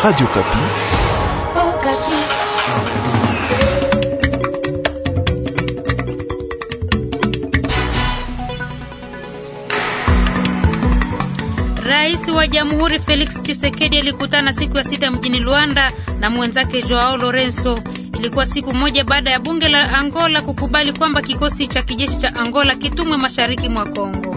Radio Okapi. Oh, Rais wa Jamhuri Felix Tshisekedi alikutana siku ya sita mjini Luanda na mwenzake Joao Lorenzo. Ilikuwa siku moja baada ya bunge la Angola kukubali kwamba kikosi cha kijeshi cha Angola kitumwe mashariki mwa Kongo.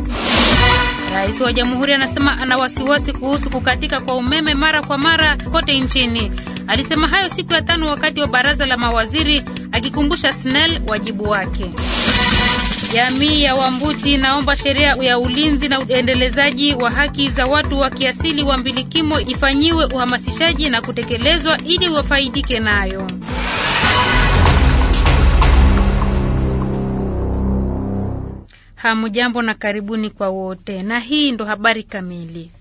Rais wa Jamhuri anasema ana wasiwasi kuhusu kukatika kwa umeme mara kwa mara kote nchini. Alisema hayo siku ya tano wakati wa baraza la mawaziri akikumbusha SNEL wajibu wake. Jamii ya Wambuti inaomba sheria ya ulinzi na uendelezaji wa haki za watu wa kiasili wa mbilikimo ifanyiwe uhamasishaji na kutekelezwa ili wafaidike nayo. Hamujambo na karibuni kwa wote, na hii ndo habari kamili.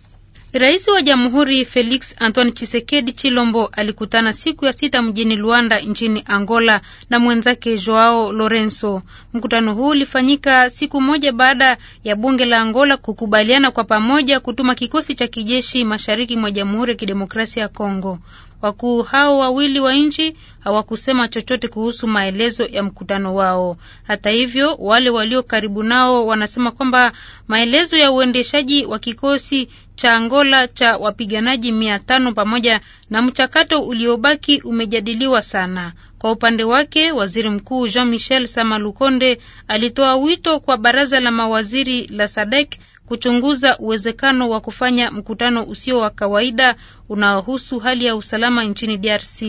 Rais wa Jamhuri Felix Antoine Chisekedi Chilombo alikutana siku ya sita mjini Luanda nchini Angola na mwenzake Joao Lorenzo. Mkutano huu ulifanyika siku moja baada ya bunge la Angola kukubaliana kwa pamoja kutuma kikosi cha kijeshi mashariki mwa Jamhuri ya Kidemokrasia ya Kongo. Wakuu hao wawili wa nchi hawakusema chochote kuhusu maelezo ya mkutano wao. Hata hivyo, wale walio karibu nao wanasema kwamba maelezo ya uendeshaji wa kikosi cha Angola cha wapiganaji mia tano pamoja na mchakato uliobaki umejadiliwa sana. Kwa upande wake, waziri mkuu Jean Michel Samalukonde alitoa wito kwa baraza la mawaziri la SADEK kuchunguza uwezekano wa kufanya mkutano usio wa kawaida unaohusu hali ya usalama nchini DRC.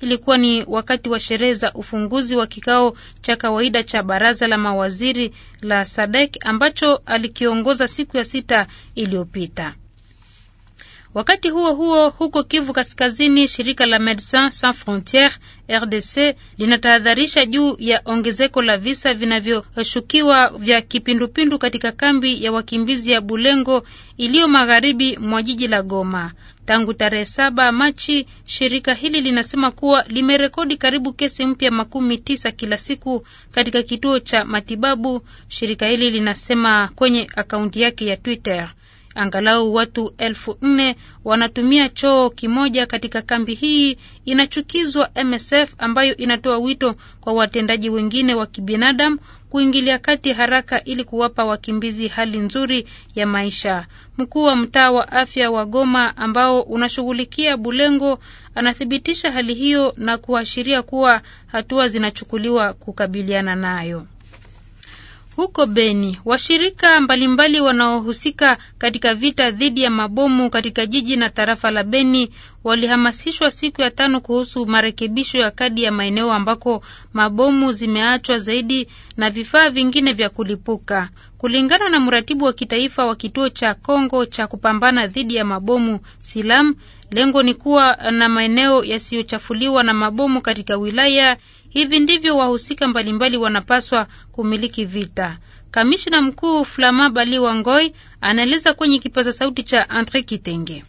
Ilikuwa ni wakati wa sherehe za ufunguzi wa kikao cha kawaida cha baraza la mawaziri la SADC ambacho alikiongoza siku ya sita iliyopita. Wakati huo huo, huko Kivu Kaskazini, shirika la Medecins Sans Frontieres RDC linatahadharisha juu ya ongezeko la visa vinavyoshukiwa vya kipindupindu katika kambi ya wakimbizi ya Bulengo iliyo magharibi mwa jiji la Goma. Tangu tarehe saba Machi, shirika hili linasema kuwa limerekodi karibu kesi mpya makumi tisa kila siku katika kituo cha matibabu, shirika hili linasema kwenye akaunti yake ya Twitter. Angalau watu elfu nne wanatumia choo kimoja katika kambi hii inachukizwa MSF ambayo inatoa wito kwa watendaji wengine wa kibinadamu kuingilia kati haraka ili kuwapa wakimbizi hali nzuri ya maisha. Mkuu wa mtaa wa afya wa Goma ambao unashughulikia Bulengo anathibitisha hali hiyo na kuashiria kuwa hatua zinachukuliwa kukabiliana nayo. Huko Beni, washirika mbalimbali wanaohusika katika vita dhidi ya mabomu katika jiji na tarafa la Beni walihamasishwa siku ya tano kuhusu marekebisho ya kadi ya maeneo ambako mabomu zimeachwa zaidi na vifaa vingine vya kulipuka. Kulingana na mratibu wa kitaifa wa kituo cha Kongo cha kupambana dhidi ya mabomu Silam, lengo ni kuwa na maeneo yasiyochafuliwa na mabomu katika wilaya Hivi ndivyo wahusika mbalimbali wanapaswa kumiliki vita. Kamishina mkuu Flama Bali Wangoi anaeleza kwenye kipaza sauti cha Andre Kitenge.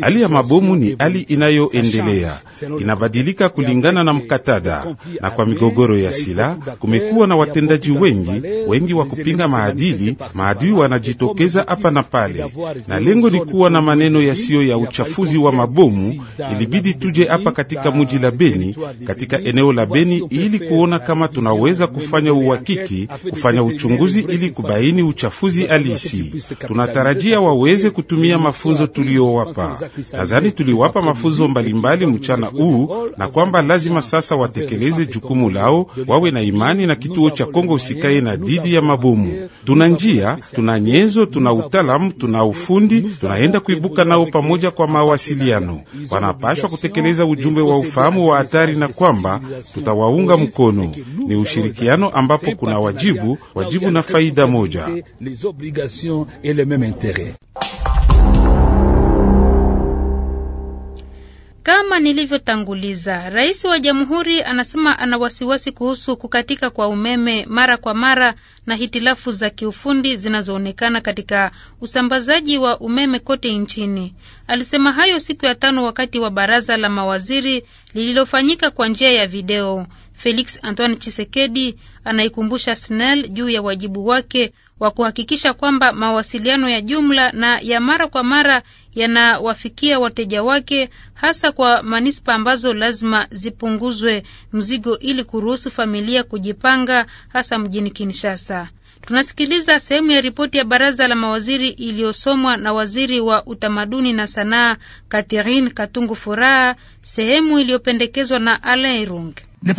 hali ya mabomu ni hali inayoendelea inabadilika kulingana na mkatada na kwa migogoro ya sila, kumekuwa na watendaji wengi wengi wa kupinga maadili. maadili wanajitokeza hapa na pale, na lengo ni kuwa na maneno yasiyo ya uchafuzi wa mabomu. Ilibidi tuje hapa katika muji la Beni, katika eneo la Beni, ili kuona kama tunaweza kufanya uhakiki hiki kufanya uchunguzi ili kubaini uchafuzi halisi. Tunatarajia waweze kutumia mafunzo tuliowapa Nadhani tuliwapa mafunzo mbalimbali mchana huu, na kwamba lazima sasa watekeleze jukumu lao, wawe na imani na kituo cha Kongo usikae na dhidi ya mabomu. Tuna njia, tuna nyenzo, tuna utaalamu, tuna ufundi, tunaenda kuibuka nao pamoja kwa mawasiliano. Wanapashwa kutekeleza ujumbe wa ufahamu wa hatari na kwamba tutawaunga mkono. Ni ushirikiano ambapo kuna na wajibu wajibu na faida moja. Kama nilivyotanguliza, rais wa jamhuri anasema ana wasiwasi kuhusu kukatika kwa umeme mara kwa mara na hitilafu za kiufundi zinazoonekana katika usambazaji wa umeme kote nchini. Alisema hayo siku ya tano wakati wa baraza la mawaziri lililofanyika kwa njia ya video. Felix Antoine Chisekedi anaikumbusha SNEL juu ya wajibu wake wa kuhakikisha kwamba mawasiliano ya jumla na ya mara kwa mara yanawafikia wateja wake hasa kwa manispa ambazo lazima zipunguzwe mzigo ili kuruhusu familia kujipanga hasa mjini Kinshasa. Tunasikiliza sehemu ya ripoti ya baraza la mawaziri iliyosomwa na waziri wa utamaduni na sanaa Catherine Katungu Furaha, sehemu iliyopendekezwa na Alain Rung. Euh,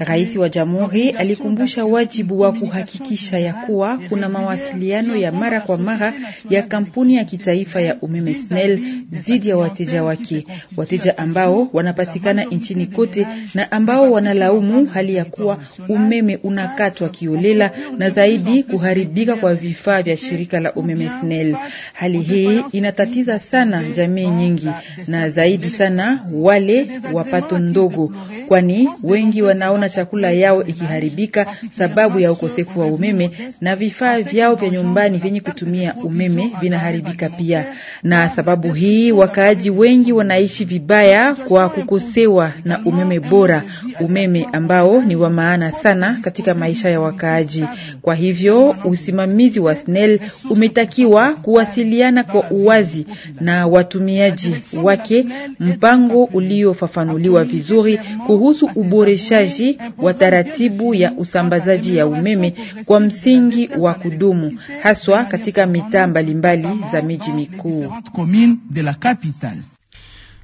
Rais wa Jamhuri alikumbusha wajibu wa kuhakikisha ya kuwa kuna mawasiliano ya mara kwa mara ya kampuni ya kitaifa ya umeme SNEL dhidi ya wateja wake, wateja ambao wanapatikana nchini kote na ambao wanalaumu hali ya kuwa umeme unakatwa kiolela na zaidi kuharibika kwa vifaa vya shirika la umeme SNEL. Hali hii inatatiza sana jamii nyingi na zaidi sana wale wapato ndogo kidogo, kwani wengi wanaona chakula yao ikiharibika sababu ya ukosefu wa umeme na vifaa vyao vya nyumbani vyenye kutumia umeme vinaharibika pia. Na sababu hii, wakaaji wengi wanaishi vibaya kwa kukosewa na umeme bora, umeme ambao ni wa maana sana katika maisha ya wakaaji. Kwa hivyo usimamizi wa SNEL umetakiwa kuwasiliana kwa uwazi na watumiaji wake, mpango uliofafanuliwa vizuri mzuri kuhusu uboreshaji wa taratibu ya usambazaji ya umeme kwa msingi wa kudumu, haswa katika mitaa mbalimbali za miji mikuu.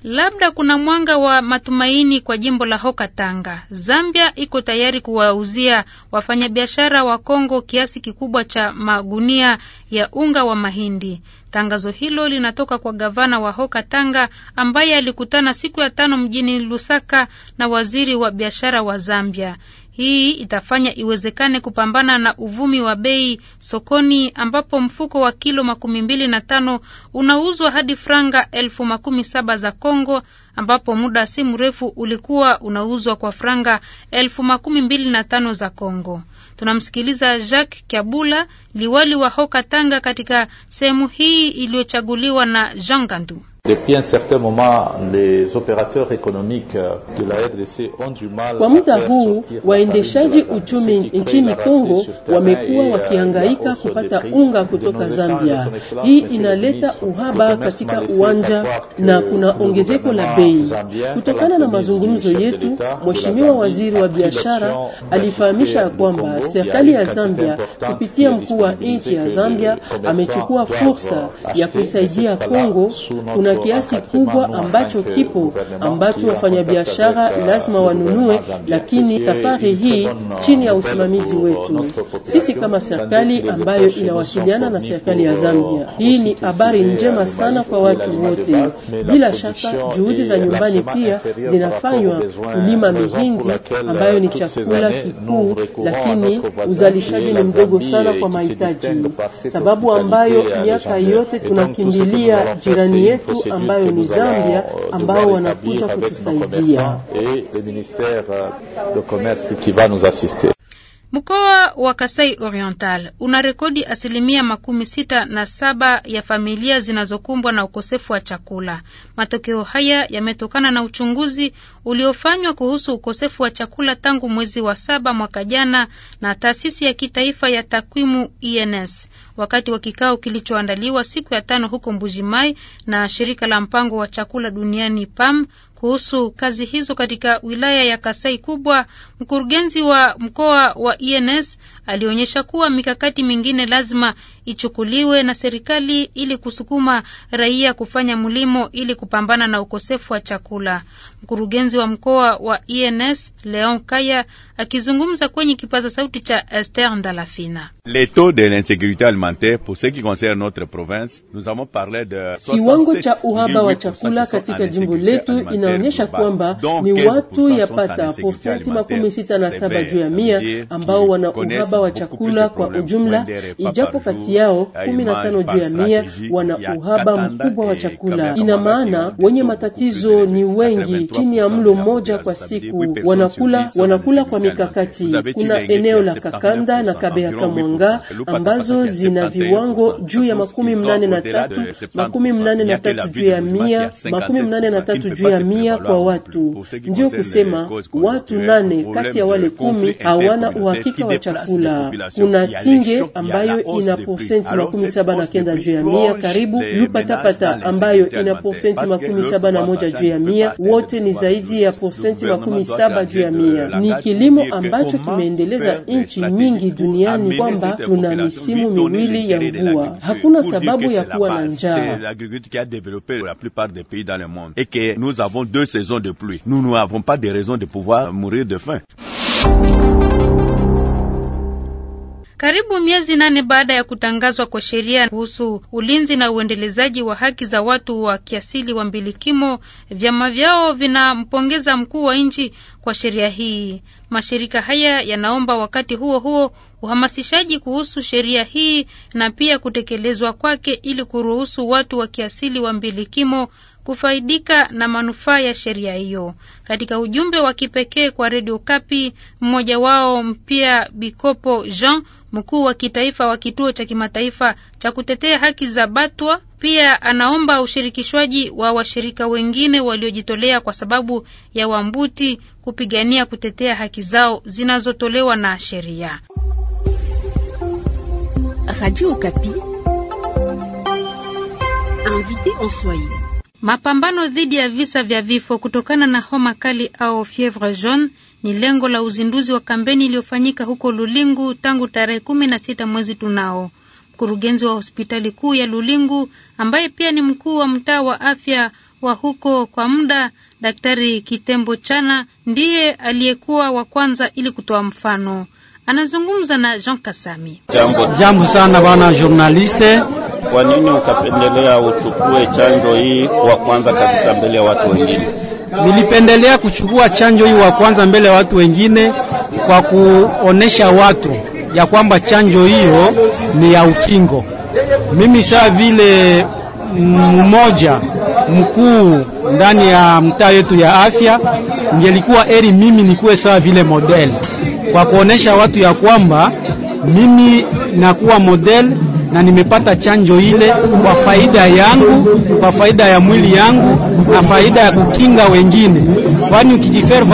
Labda kuna mwanga wa matumaini kwa jimbo la Hoka Tanga. Zambia iko tayari kuwauzia wafanyabiashara wa Kongo kiasi kikubwa cha magunia ya unga wa mahindi. Tangazo hilo linatoka kwa gavana wa Hoka Tanga ambaye alikutana siku ya tano mjini Lusaka na waziri wa biashara wa Zambia. Hii itafanya iwezekane kupambana na uvumi wa bei sokoni ambapo mfuko wa kilo makumi mbili na tano unauzwa hadi franga elfu makumi saba za Kongo ambapo muda si mrefu ulikuwa unauzwa kwa franga elfu makumi mbili na tano za Kongo. Tunamsikiliza Jacques Kyabula, liwali wa Hoka Tanga, katika sehemu hii iliyochaguliwa na Jean Gandu. Kwa muda huu waendeshaji uchumi nchini Kongo wamekuwa euh, wakihangaika kupata unga kutoka Zambia. Hii inaleta uhaba katika uwanja na kuna ongezeko la bei. Kutokana na mazungumzo yetu, Mheshimiwa Waziri wa Biashara alifahamisha ya kwamba serikali ya Zambia kupitia mkuu wa nchi ya Zambia amechukua fursa ya kuisaidia Kongo kuna kuna kiasi kubwa ambacho kipo ambacho wafanyabiashara lazima wanunue, lakini safari hii chini ya usimamizi wetu uh, sisi kama serikali ambayo inawasiliana na serikali ya Zambia. Uh, hii ni habari njema sana kwa watu wote. Bila shaka juhudi za nyumbani pia zinafanywa kulima mihindi ambayo ni euh, chakula kikuu, lakini uzalishaji ni mdogo sana kwa mahitaji, sababu ambayo miaka yote tunakimbilia jirani yetu ambayo ni Zambia euh, ambao wanakuja kutusaidia. Euh, Mkoa wa Kasai Oriental una rekodi asilimia makumi sita na saba ya familia zinazokumbwa na ukosefu wa chakula. Matokeo haya yametokana na uchunguzi uliofanywa kuhusu ukosefu wa chakula tangu mwezi wa saba mwaka jana na taasisi ya kitaifa ya takwimu INS. E wakati wa kikao kilichoandaliwa siku ya tano huko Mbujimai na shirika la mpango wa chakula duniani PAM kuhusu kazi hizo katika wilaya ya Kasai Kubwa, mkurugenzi wa mkoa wa ens alionyesha kuwa mikakati mingine lazima ichukuliwe na serikali ili kusukuma raia kufanya mlimo ili kupambana na ukosefu wa chakula. Mkurugenzi wa mkoa wa ENS Leon Kaya akizungumza kwenye kipaza sauti cha Esther Ndalafina. Kiwango cha uhaba wa chakula katika jimbo letu inaonyesha kwamba ni watu yapata posenti makumi sita na saba juu ya mia ambao wana uhaba wa chakula kwa ujumla, ijapo kati yao kumi na tano juu ya mia wana uhaba mkubwa wa chakula. Ina maana wenye matatizo ni wengi, chini ya mlo mmoja kwa siku wanakula wanakula kwa mikakati. Kuna eneo la Kakanda na Kabeya Kamwanga ambazo zina viwango juu ya makumi mnane na tatu makumi mnane na tatu juu ya mia makumi mnane na tatu juu ya mia kwa watu. ndio kusema watu nane kati ya wale kumi hawana uhakika wa chakula. Kuna Tinge ambayo ina porsenti makumi saba na kenda juu ya mia karibu Lupatapata ambayo ina porsenti makumi saba na moja juu ya mia wote ni zaidi ya porsenti makumi saba juu ya mia ni kilimo kilimo ambacho kimeendeleza nchi nyingi duniani kwamba tuna misimu miwili ya mvua. Hakuna sababu ya kuwa na njaa. Nous avons deux saisons de pluie. Nous n'avons pas de raison de pouvoir mourir de faim. Karibu miezi nane baada ya kutangazwa kwa sheria kuhusu ulinzi na uendelezaji wa haki za watu wa kiasili wa mbilikimo, vyama vyao vinampongeza mkuu wa nchi kwa sheria hii. Mashirika haya yanaomba wakati huo huo uhamasishaji kuhusu sheria hii na pia kutekelezwa kwake ili kuruhusu watu wa kiasili wa mbilikimo kufaidika na manufaa ya sheria hiyo. Katika ujumbe wa kipekee kwa redio Kapi, mmoja wao mpia Bikopo Jean, mkuu wa kitaifa wa kituo cha kimataifa cha kutetea haki za batwa, pia anaomba ushirikishwaji wa washirika wengine waliojitolea kwa sababu ya Wambuti kupigania kutetea haki zao zinazotolewa na sheria. Radio Kapi invité en Swahili Mapambano dhidi ya visa vya vifo kutokana na homa kali au fievre jaune ni lengo la uzinduzi wa kampeni iliyofanyika huko Lulingu tangu tarehe kumi na sita mwezi tunao. Mkurugenzi wa hospitali kuu ya Lulingu ambaye pia ni mkuu wa mtaa wa afya wa huko kwa muda, Daktari Kitembo Chana ndiye aliyekuwa wa kwanza ili kutoa mfano anazungumza na Jean Kasami. Jambo, jambo sana bwana journaliste. Kwa nini ukapendelea uchukue chanjo hii wa kwanza kabisa mbele ya watu wengine? Nilipendelea kuchukua chanjo hii wa kwanza mbele ya watu wengine kwa kuonesha watu ya kwamba chanjo hiyo ni ya ukingo. Mimi saa vile mmoja mkuu ndani ya mtaa yetu ya afya, ngelikuwa eri mimi nikuwe sawa vile modeli kwa kuonesha watu ya kwamba mimi nakuwa model na nimepata chanjo ile kwa faida yangu, kwa faida ya mwili yangu na faida ya kukinga wengine, kwani ukijifaire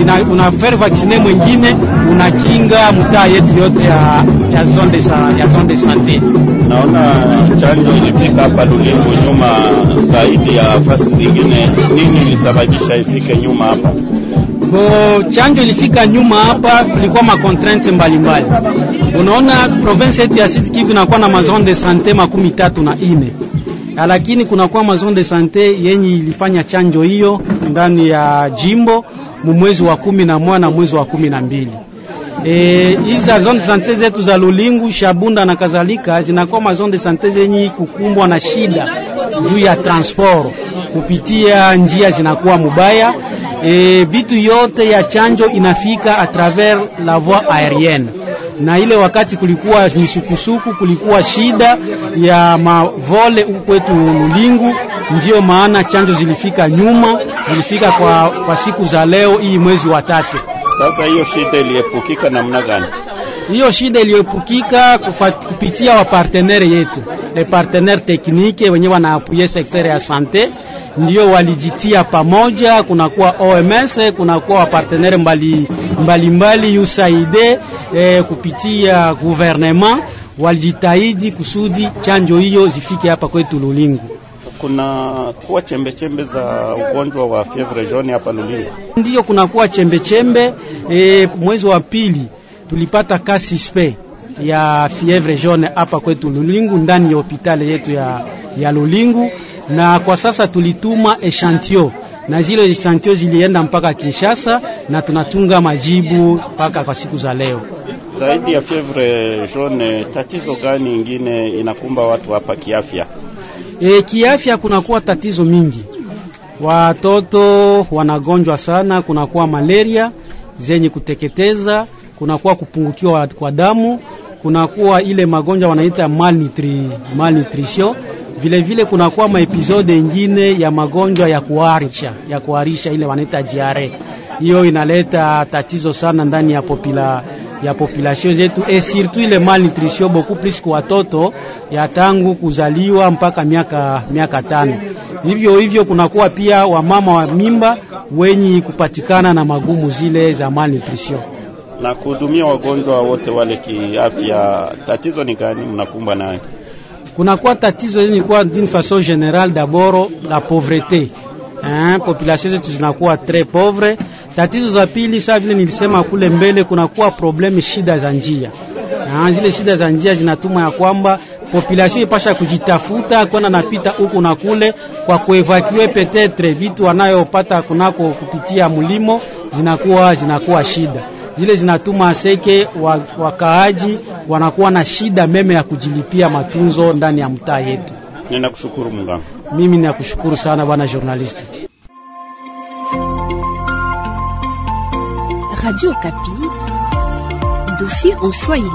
una unafaire vaccine mwingine unakinga mtaa yetu yote ya, ya zone ya zone sante. Naona chanjo ilifika hapa Lulimbu nyuma zaidi ya fasi zingine. Nini ilisababisha ifike nyuma hapa? Bo, chanjo ilifika nyuma hapa, kulikuwa makontrente mbalimbali. Unaona province yetu ya Sud Kivu inakuwa na mazone de sante makumi tatu na ine ah, lakini kunakuwa mazone de sante yenye ilifanya chanjo hiyo ndani ya jimbo mwezi wa kumi na moja na mwezi wa kumi na mbili. E, zone de sante zetu za Lulingu, Shabunda na kadhalika zinakuwa mazone de sante zenye kukumbwa na shida juu ya transport kupitia njia zinakuwa mubaya e, vitu yote ya chanjo inafika a travers la voie aérienne, na ile wakati kulikuwa misukusuku, kulikuwa shida ya mavole ukwetu Lulingu, ndiyo maana chanjo zilifika nyuma, zilifika kwa, kwa siku za leo hii mwezi wa tatu. Sasa hiyo shida iliepukika namna gani? hiyo shida iliyoepukika kupitia wapartenere yetu, le partenere teknike wenye wanaapuye sekter ya sante, ndiyo walijitia pamoja. Kunakuwa OMS, kunakuwa wapartenere mbalimbali mbali, USAID eh, kupitia gouvernement walijitahidi kusudi chanjo hiyo zifike hapa kwetu Lulingu. Kuna kuwa chembechembe chembe za ugonjwa wa fievre jaune hapa Lulingu, ndiyo kunakuwa chembechembe eh, mwezi wa pili tulipata kasi spe ya fievre jaune hapa kwetu Lulingu ndani ya hospitali yetu ya, ya Lulingu, na kwa sasa tulituma echantio na zile echantio zilienda mpaka Kinshasa na tunatunga majibu mpaka kwa siku za leo. Zaidi ya fievre jaune, tatizo gani ingine inakumba watu hapa kiafya? E, kiafya kunakuwa tatizo mingi, watoto wanagonjwa sana, kunakuwa malaria zenye kuteketeza kunakuwa kupungukiwa kwa damu, kunakuwa ile magonjwa wanaita malnutri, malnutrition vilevile kunakuwa maepizode ingine ya magonjwa ya kuharisha ya kuharisha ile wanaita diare. Hiyo inaleta tatizo sana ndani ya popula ya population zetu, et surtout ile malnutrition beaucoup plus kwa watoto ya tangu kuzaliwa mpaka miaka miaka tano. Hivyo hivyo kunakuwa pia wamama wa mimba wenye kupatikana na magumu zile za malnutrition na kuhudumia wagonjwa wote wale kiafya. Tatizo ni gani mnakumbwa nayo? Kunakuwa tatizo ni kwa d'une façon générale d'abord la pauvreté hein, population zetu zinakuwa très pauvre. Tatizo za pili, saa vile nilisema kule mbele, kunakuwa problem shida za njia hein, zile shida za njia zinatuma ya kwamba population ipasha kujitafuta kwenda napita huku na kule kwa kuevakue petetre vitu wanayopata kunako kupitia mlimo, zinakuwa zinakuwa shida zile zinatuma seke wakaaji wanakuwa na shida meme ya kujilipia matunzo ndani ya mtaa yetu. Ninakushukuru mganga. Mimi ninakushukuru sana bwana journalisti. Radio Kapi, dossier en Swahili.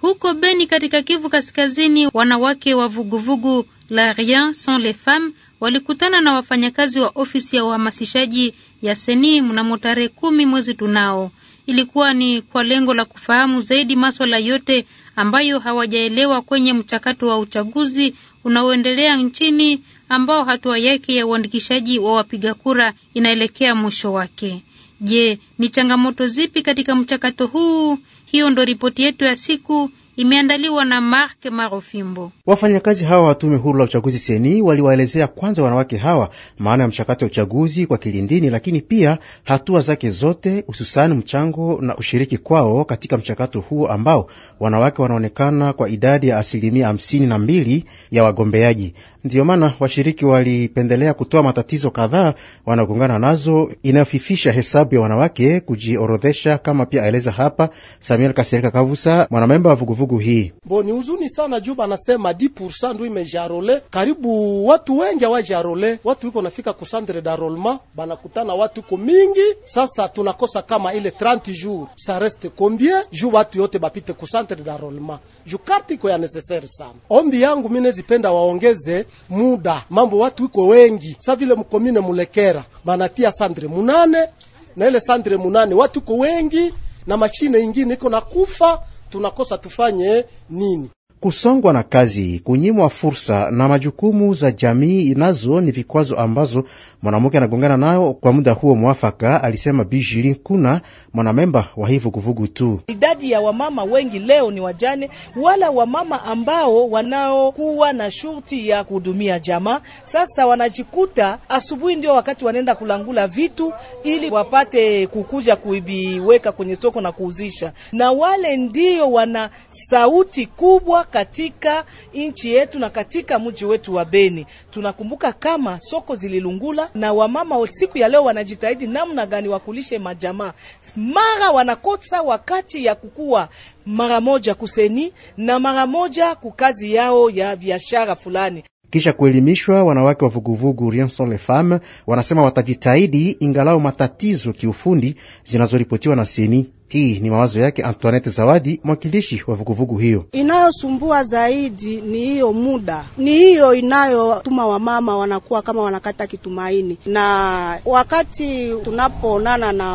Huko Beni katika Kivu Kaskazini, wanawake wa vuguvugu la Rien sans les Femmes walikutana na wafanyakazi wa ofisi ya uhamasishaji ya Seni mnamo tarehe kumi mwezi tunao. Ilikuwa ni kwa lengo la kufahamu zaidi maswala yote ambayo hawajaelewa kwenye mchakato wa uchaguzi unaoendelea nchini ambao hatua yake ya uandikishaji wa wapiga kura inaelekea mwisho wake. Je, ni changamoto zipi katika mchakato huu? Hiyo ndo ripoti yetu ya siku imeandaliwa na Mark Marofimbo. Wafanyakazi hawa wa tume huru la uchaguzi seni waliwaelezea kwanza wanawake hawa maana ya mchakato wa uchaguzi kwa Kilindini, lakini pia hatua zake zote, hususani mchango na ushiriki kwao katika mchakato huo ambao wanawake wanaonekana kwa idadi ya asilimia hamsini na mbili ya wagombeaji. Ndiyo maana washiriki walipendelea kutoa matatizo kadhaa wanaogongana nazo inayofifisha hesabu ya wanawake kujiorodhesha, kama pia aeleza hapa Samuel Kasirika Kavusa, mwanamemba wa vuguvugu hii. Bo, ni huzuni sana Juba anasema di pursa ndu imejarole, karibu watu wengi awajarole, watu iko nafika ku centre d'enrolement banakutana watu iko mingi. Sasa tunakosa kama ile 30 jour sa reste combien ju watu yote bapite ku centre d'enrolement juu karti iko ya necessaire sana. Ombi yangu mi nezipenda waongeze muda mambo, watu iko wengi sa vile mkomine mulekera banatia sandre munane na ile sandre munane watu iko wengi na mashine ingine iko nakufa, tunakosa tufanye nini? Kusongwa na kazi, kunyimwa fursa na majukumu za jamii, nazo ni vikwazo ambazo mwanamke anagongana nayo kwa muda huo mwafaka, alisema Bijili kuna mwanamemba wa hii vuguvugu tu. Idadi ya wamama wengi leo ni wajane, wala wamama ambao wanaokuwa na shurti ya kuhudumia jamaa. Sasa wanajikuta asubuhi ndio wakati wanaenda kulangula vitu ili wapate kukuja kuibiweka kwenye soko na kuuzisha, na wale ndio wana sauti kubwa katika nchi yetu na katika mji wetu wa Beni. Tunakumbuka kama soko zililungula na wamama siku ya leo wanajitahidi namna gani wakulishe majamaa, mara wanakosa wakati ya kukua mara moja kuseni na mara moja kukazi yao ya biashara fulani. Kisha kuelimishwa wanawake wa vuguvugu Rien sans les femmes wanasema watajitahidi ingalao matatizo kiufundi zinazoripotiwa na seni hii ni mawazo yake Antoinette Zawadi, mwakilishi wa vuguvugu hiyo. Inayosumbua zaidi ni hiyo muda, ni hiyo inayotuma wamama wanakuwa kama wanakata kitumaini, na wakati tunapoonana na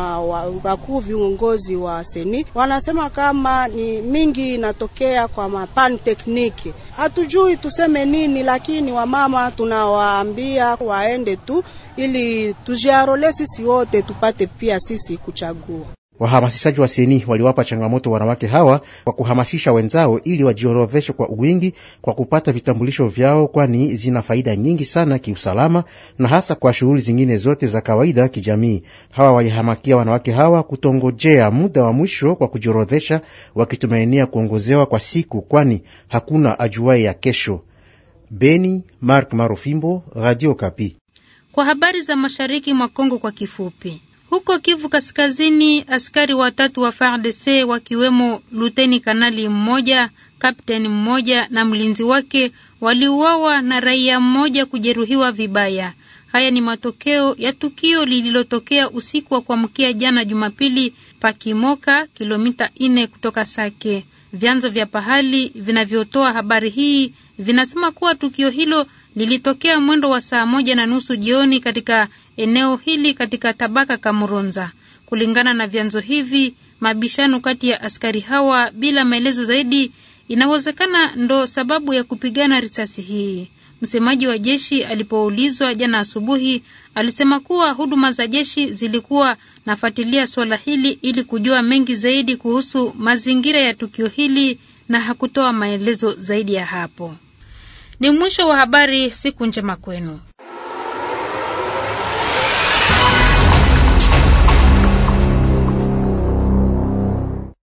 wakuu viongozi wa seni wanasema kama ni mingi inatokea kwa mapan tekniki, hatujui tuseme nini, lakini wamama tunawaambia waende tu ili tujiarole sisi wote tupate pia sisi kuchagua. Wahamasishaji wa seni waliwapa changamoto wanawake hawa kwa kuhamasisha wenzao ili wajiorodheshe kwa uwingi kwa kupata vitambulisho vyao, kwani zina faida nyingi sana kiusalama na hasa kwa shughuli zingine zote za kawaida kijamii. Hawa walihamakia wanawake hawa kutongojea muda wa mwisho kwa kujiorodhesha, wakitumainia kuongozewa kwa siku, kwani hakuna ajuaye ya kesho. Beni, Mark Marofimbo, Radio Kapi. Kwa habari za mashariki mwa Kongo kwa kifupi huko Kivu Kaskazini, askari watatu wa FARDC wakiwemo luteni kanali mmoja, kapteni mmoja na mlinzi wake waliuawa na raia mmoja kujeruhiwa vibaya. Haya ni matokeo ya tukio lililotokea usiku wa kuamkia jana Jumapili pakimoka kilomita nne kutoka Sake. Vyanzo vya pahali vinavyotoa habari hii vinasema kuwa tukio hilo lilitokea mwendo wa saa moja na nusu jioni katika eneo hili katika tabaka Kamuronza. Kulingana na vyanzo hivi, mabishano kati ya askari hawa, bila maelezo zaidi, inawezekana ndo sababu ya kupigana risasi hii. Msemaji wa jeshi alipoulizwa jana asubuhi alisema kuwa huduma za jeshi zilikuwa nafuatilia suala hili ili kujua mengi zaidi kuhusu mazingira ya tukio hili na hakutoa maelezo zaidi ya hapo. Ni mwisho wa habari. Siku njema kwenu.